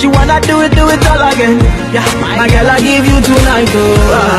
She wanna do it, do it all again. Yeah, my girl, I give you tonight, oh. Ah.